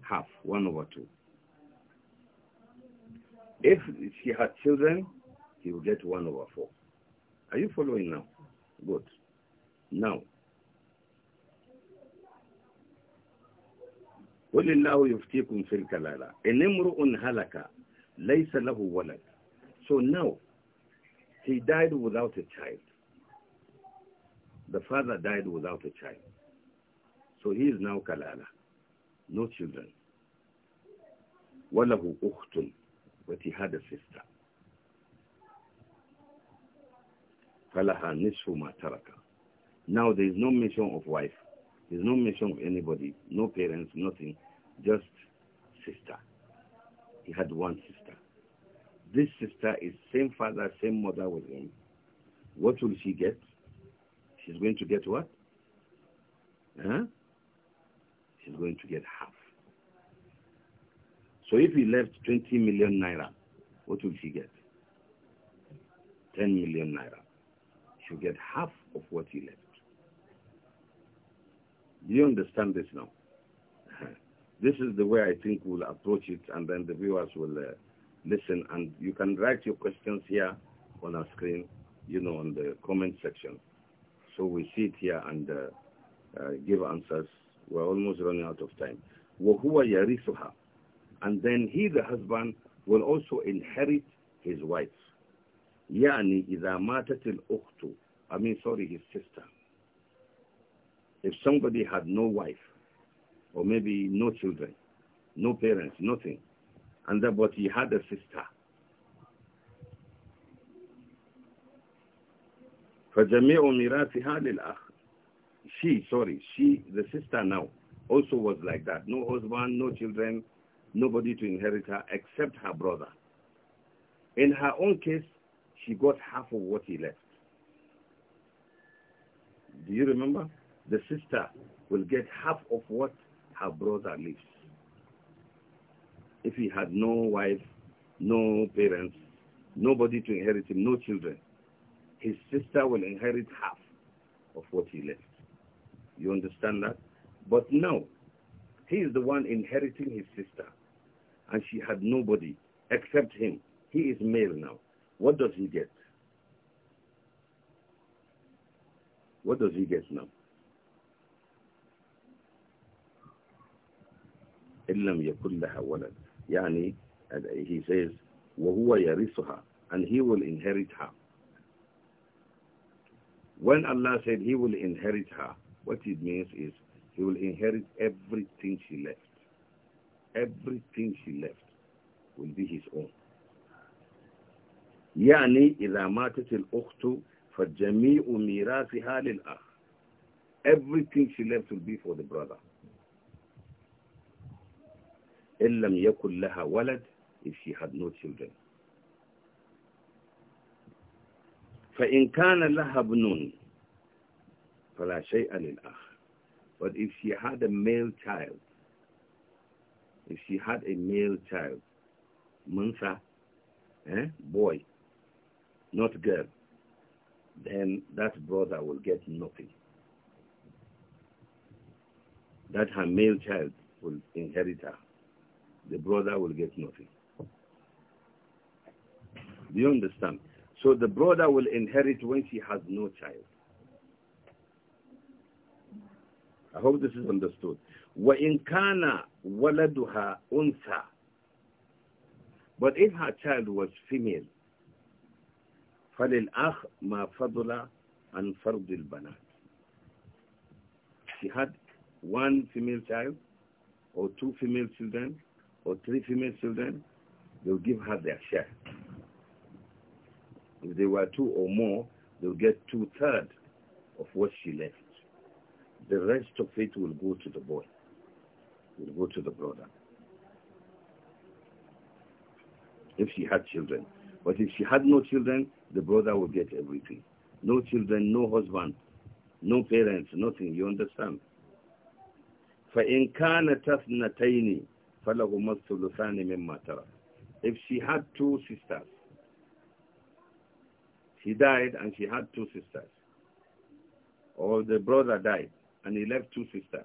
Half, 1 over 2. If she had children, he will get 1 over 4. Are you following now? Good. Now, قل يفتيكم في الكلالة إن امرؤ هلك ليس له ولد So now, he died without a child. The father died without a child. So he is now kalala. No children. أُخْتٌ But he had a sister. فَلَهَا نِصْفُ مَا Now there is no mention of wife. There's no mention of anybody, no parents, nothing, just sister. He had one sister. This sister is same father, same mother with him. What will she get? She's going to get what? Huh? She's going to get half. So if he left 20 million naira, what will she get? 10 million naira. She'll get half of what he left. Do you understand this now? this is the way I think we'll approach it, and then the viewers will uh, listen. And you can write your questions here on our screen, you know, on the comment section. So we sit here and uh, uh, give answers. We're almost running out of time. And then he, the husband, will also inherit his wife. I mean, sorry, his sister. If somebody had no wife, or maybe no children, no parents, nothing, and that, but he had a sister, فجميع ميراثها she, sorry, she, the sister now, also was like that. No husband, no children, nobody to inherit her except her brother. In her own case, she got half of what he left. Do you remember? the sister will get half of what her brother leaves. If he had no wife, no parents, nobody to inherit him, no children, his sister will inherit half of what he left. You understand that? But now, he is the one inheriting his sister, and she had nobody except him. He is male now. What does he get? What does he get now? illam yakullaha walad. Yani, he says, وَهُوَ يَرِثُهَا And he will inherit her. When Allah said he will inherit her, what it means is he will inherit everything she left. Everything she left will be his own. يعني إذا ماتت الأخت فجميع ميراثها للأخ. Everything she left will be for the brother walad if she had no children. فَإِنْ But if she had a male child, if she had a male child, Munsa, eh, boy, not girl, then that brother will get nothing. That her male child will inherit her the brother will get nothing. Do you understand? So the brother will inherit when she has no child. I hope this is understood. وَإِنْ كَانَ وَلَدُهَا أُنْثَى But if her child was female, فَلِلْأَخْ مَا فَضُلَ عَنْ فَرْضِ الْبَنَاتِ She had one female child or two female children or three female children, they'll give her their share. If they were two or more, they'll get two-thirds of what she left. The rest of it will go to the boy, will go to the brother. If she had children. But if she had no children, the brother will get everything. No children, no husband, no parents, nothing. You understand? فَإِنْ كَانَتَ اثْنَتَيْنِ if she had two sisters, she died and she had two sisters, or the brother died and he left two sisters,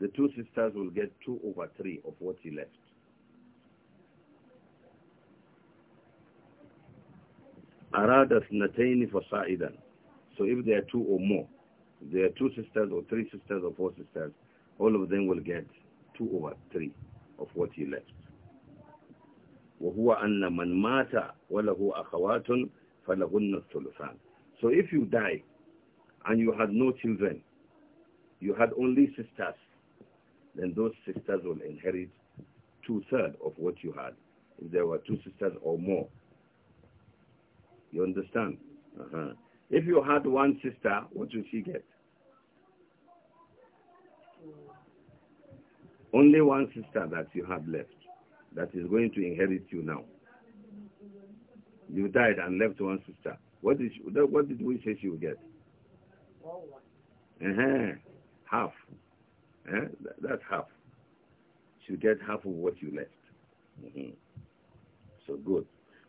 the two sisters will get two over three of what he left. أراد اثنتين فصائدا So if there are two or more, there are two sisters or three sisters or four sisters, all of them will get two over three of what he left. وَهُوَ أَنَّ مَنْ مَاتَ وَلَهُ أَخَوَاتٌ فَلَهُنَّ الثُّلُثَانِ So if you die and you had no children, you had only sisters, then those sisters will inherit two-thirds of what you had, if there were two sisters or more. You understand? Uh -huh. If you had one sister, what will she get? Only one sister that you have left that is going to inherit you now. You died and left one sister. What did, she, what did we say she will get? Uh -huh. Half. Uh, that's half. she get half of what you left. Mm -hmm. So good.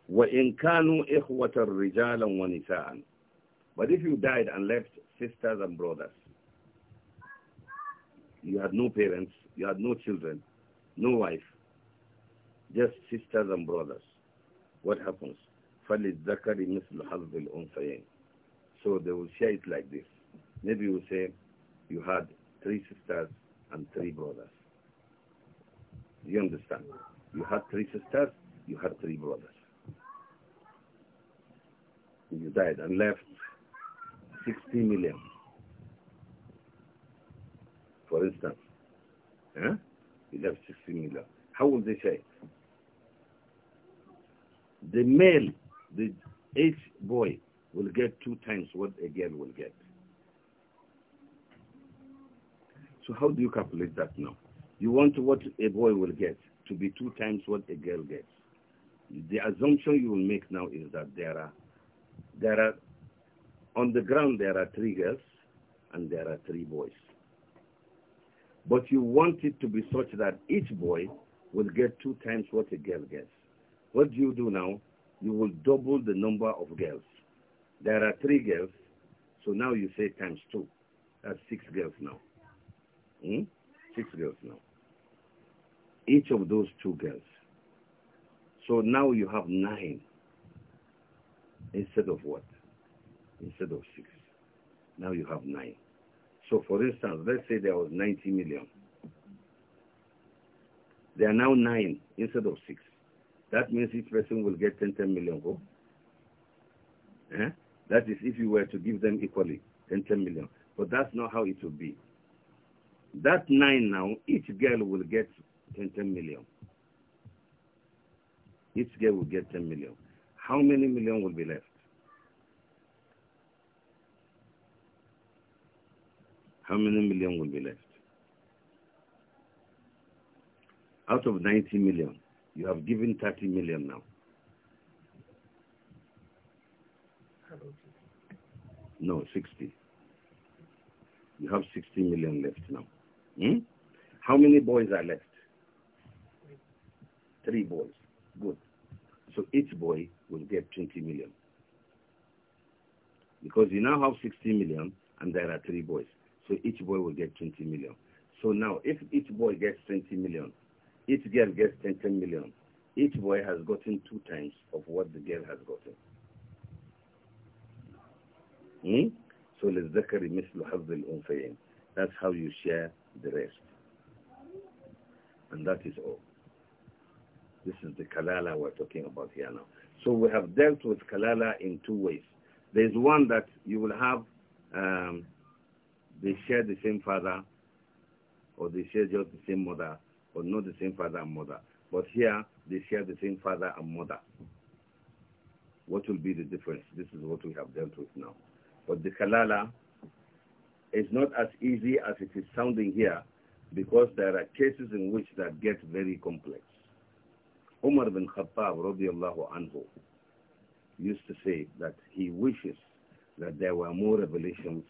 وَإِنْ كَانُوا إِخْوَةً وَنِسَاءً But if you died and left sisters and brothers, you had no parents, you had no children, no wife, just sisters and brothers. What happens? فَلِلذَّكَرِ مِثْلُ حَظِّ الْأُنْثَيَيْنِ So they will share it like this. Maybe you say, you had three sisters and three brothers. You understand? You had three sisters, you had three brothers. You died and left 60 million, for instance. Huh? have 60 million. How would they say? The male, the each boy will get two times what a girl will get. So how do you calculate that now? You want what a boy will get to be two times what a girl gets. The assumption you will make now is that there are, there are, on the ground there are three girls and there are three boys. But you want it to be such that each boy will get two times what a girl gets. What do you do now? You will double the number of girls. There are three girls, so now you say times two. That's six girls now. Hmm? Six girls now. Each of those two girls. So now you have nine instead of what? Instead of six. Now you have nine. So for instance, let's say there was 90 million. There are now nine instead of six. That means each person will get 10, 10 million go. Eh? That is if you were to give them equally, 10, 10 million. But that's not how it will be. That nine now, each girl will get 10, 10 million. Each girl will get 10 million. How many million will be left? How many million will be left? Out of 90 million, you have given 30 million now. No, 60. You have 60 million left now. Hmm? How many boys are left? Three boys. Good. So each boy will get 20 million. Because you now have 60 million and there are three boys. So each boy will get 20 million. So now, if each boy gets 20 million, each girl gets 10, 10 million, each boy has gotten two times of what the girl has gotten. Hmm? So للذكر مثل hazil الأنثيين. That's how you share the rest. And that is all. This is the kalala we're talking about here now. So we have dealt with kalala in two ways. There's one that you will have um, they share the same father, or they share just the same mother, or not the same father and mother. But here, they share the same father and mother. What will be the difference? This is what we have dealt with now. But the kalala is not as easy as it is sounding here because there are cases in which that get very complex. Umar bin Khattab radiallahu anhu used to say that he wishes that there were more revelations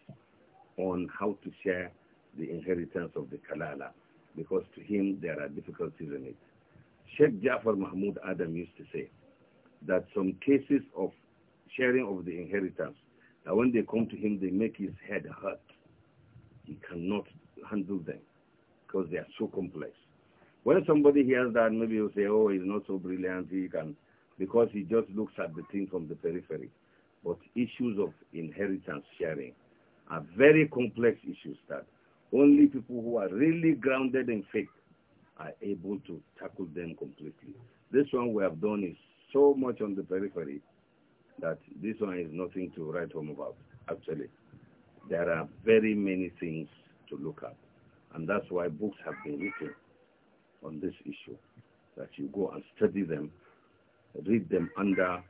on how to share the inheritance of the Kalala because to him there are difficulties in it. Sheikh Jafar Mahmoud Adam used to say that some cases of sharing of the inheritance, that when they come to him, they make his head hurt. He cannot handle them because they are so complex. When somebody hears that, maybe you will say, oh, he's not so brilliant, he can, because he just looks at the thing from the periphery. But issues of inheritance sharing are very complex issues that only people who are really grounded in faith are able to tackle them completely. This one we have done is so much on the periphery that this one is nothing to write home about, actually. There are very many things to look at, and that's why books have been written on this issue, that you go and study them, read them under,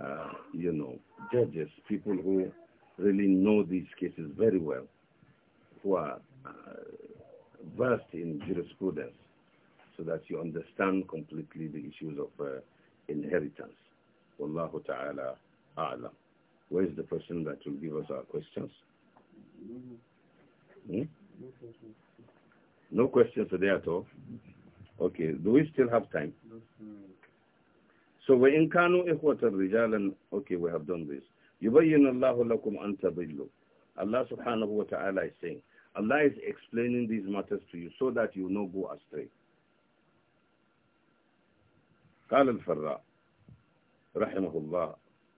uh, you know, judges, people who really know these cases very well, who are uh, versed in jurisprudence, so that you understand completely the issues of uh, inheritance. Wallahu ta'ala a'lam. Where is the person that will give us our questions? Hmm? No questions today at all? Okay, do we still have time? So, وَإِنْ كَانُوا إِخْوَةً رِجَالًا Okay, we have done this. يبين الله لكم أن تضلوا الله سبحانه وتعالى is saying, Allah is explaining these matters to you so that you know go astray. قال الفراء رحمه الله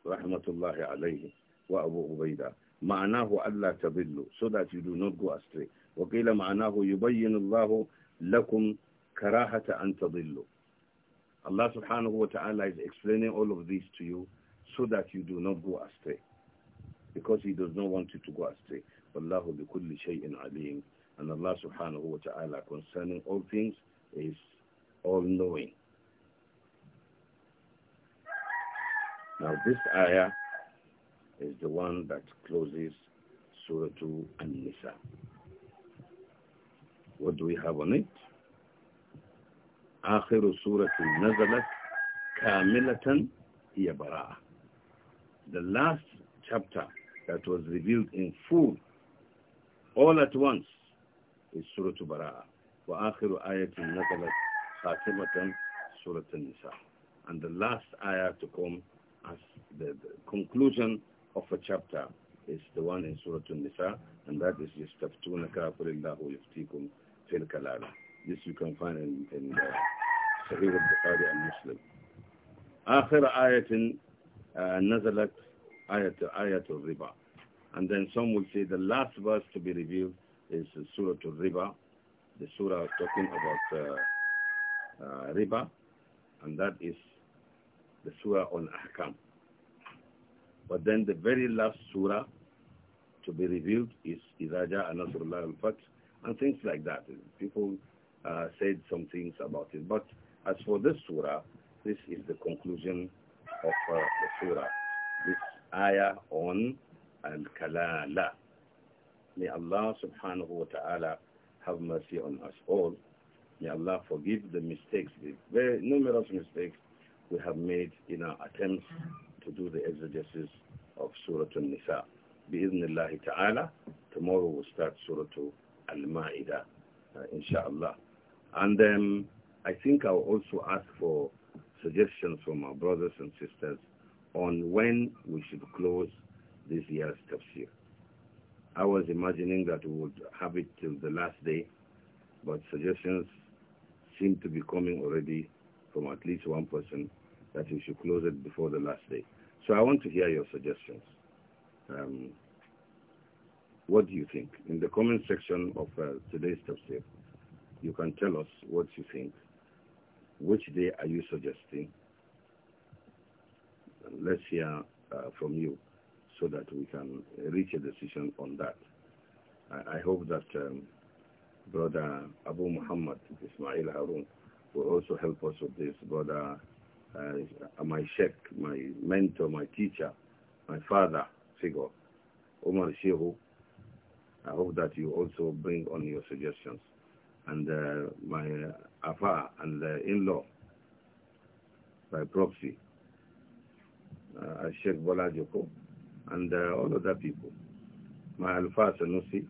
رحمة الله عليه وأبو عبيدة معناه ألا تضلوا so that you do not go astray وقيل معناه يبين الله لكم كراهة أن تضلوا الله سبحانه وتعالى is explaining all of these to you so that you do not go astray. Because he does not want you to go astray. Wallahu bi kulli shay'in alim. And Allah subhanahu wa ta'ala concerning all things is all-knowing. Now this ayah is the one that closes Surah and nisa What do we have on it? آخر سورة نزلت كاملة هي براءة the last chapter that was revealed in full all at once is Surah Bara'a. وَآخِرُ آيَةٍ نَزَلَتْ خَاتِمَةً سورة النساء. And the last ayah to come as the, the, conclusion of a chapter is the one in Surah An-Nisa, and that is يَسْتَفْتُونَكَ قُلِ اللَّهُ يُفْتِيكُم فِي الْكَلَالَ. This you can find in, in uh, Sahih al-Bukhari and Muslim. آخر آية نزلت آية آية الربا and then some will say the last verse to be revealed is Surah Al-Riba, the surah talking about uh, uh, riba, and that is the surah on Ahkam. But then the very last surah to be revealed is Izaja and Nasrullah al-Fath, and things like that. People uh, said some things about it. But as for this surah, this is the conclusion of uh, the surah, this ayah on Al-Kalala. May Allah subhanahu wa ta'ala have mercy on us all. May Allah forgive the mistakes, the very numerous mistakes we have made in our attempts to do the exegesis of Surah al nisa Bi-idhnillahi ta'ala, tomorrow we'll start Surah Al-Ma'idah, uh, inshallah. And um, I think I'll also ask for suggestions from our brothers and sisters on when we should close this year's tafsir. I was imagining that we would have it till the last day, but suggestions seem to be coming already from at least one person that we should close it before the last day. So I want to hear your suggestions. Um, what do you think? In the comment section of uh, today's tafsir, you can tell us what you think. Which day are you suggesting? Let's hear uh, from you so that we can reach a decision on that. I, I hope that um, Brother Abu Muhammad Ismail Harun will also help us with this. Brother, uh, my sheikh, my mentor, my teacher, my father figure, Omar Shehu, I hope that you also bring on your suggestions. And uh, my afa and uh, in-law by proxy, uh, Sheikh Bola Joko, and uh, all other people. My Alfa Sanusi,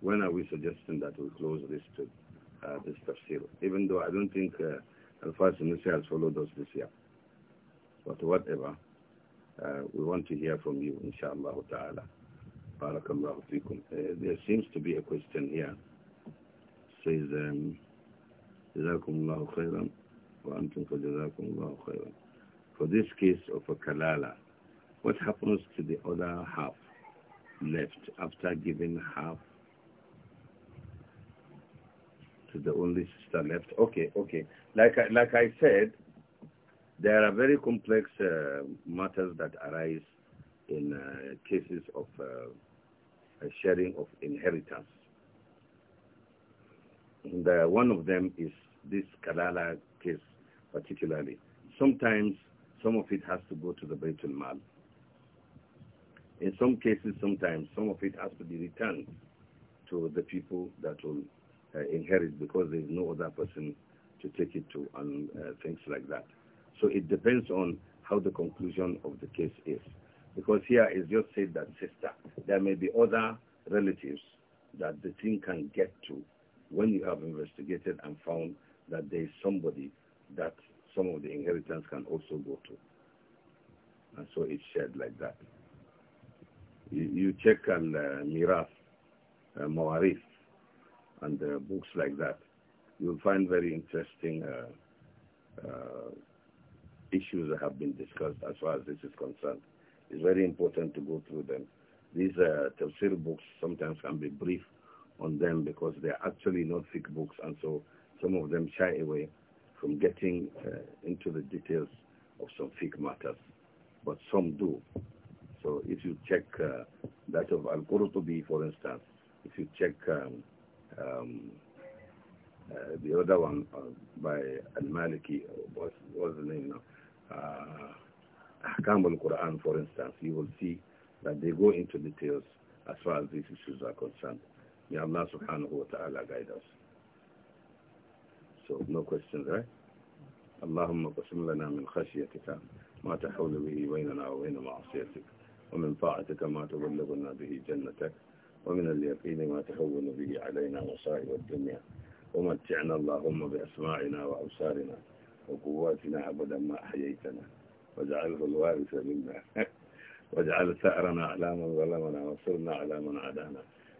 when are we suggesting that we close this to, uh, this tafsir? Even though I don't think uh, Alfa Sanusi has followed us this year. But whatever, uh, we want to hear from you, inshallah ta'ala. Barakallahu fikum. Uh, there seems to be a question here. It says, um, جزاكم الله خيرا وأنتم فجزاكم الله خيرا for this case of a kalala what happens to the other half left after giving half to the only sister left. Okay, okay. Like I, like I said, there are very complex uh, matters that arise in uh, cases of uh, sharing of inheritance. And uh, one of them is this Kalala case particularly. Sometimes some of it has to go to the Baitul Mal. In some cases, sometimes some of it has to be returned to the people that will uh, inherit because there is no other person to take it to and uh, things like that. So it depends on how the conclusion of the case is. Because here is just said that sister. There may be other relatives that the thing can get to when you have investigated and found that there is somebody that some of the inheritance can also go to. And so it's shared like that. You, you check on uh, Miraf, uh, Mawarif, and uh, uh books like that. You'll find very interesting uh, uh, issues that have been discussed as far as this is concerned. It's very important to go through them. These uh, tafsir books sometimes can be brief on them because they're actually not thick books, and so some of them shy away from getting uh, into the details of some thick matters, but some do. So if you check uh, that of Al-Qurtubi, for instance, if you check um, um, uh, the other one uh, by Al-Maliki, what was the name now? Uh, Ahkam al-Quran, for instance, you will see that they go into details as far as these issues are concerned. May الله سبحانه وتعالى ta'ala guide us. So no question right? اللهم قسم لنا من خشيتك ما تحول به بيننا وبين معصيتك ومن طاعتك ما تبلغنا به جنتك ومن اليقين ما تهون به علينا مصائب الدنيا ومتعنا اللهم بأسماعنا وأبصارنا وقواتنا أبدا ما أحييتنا واجعله الوارث منا واجعل ثأرنا على من ظلمنا وانصرنا على من عادانا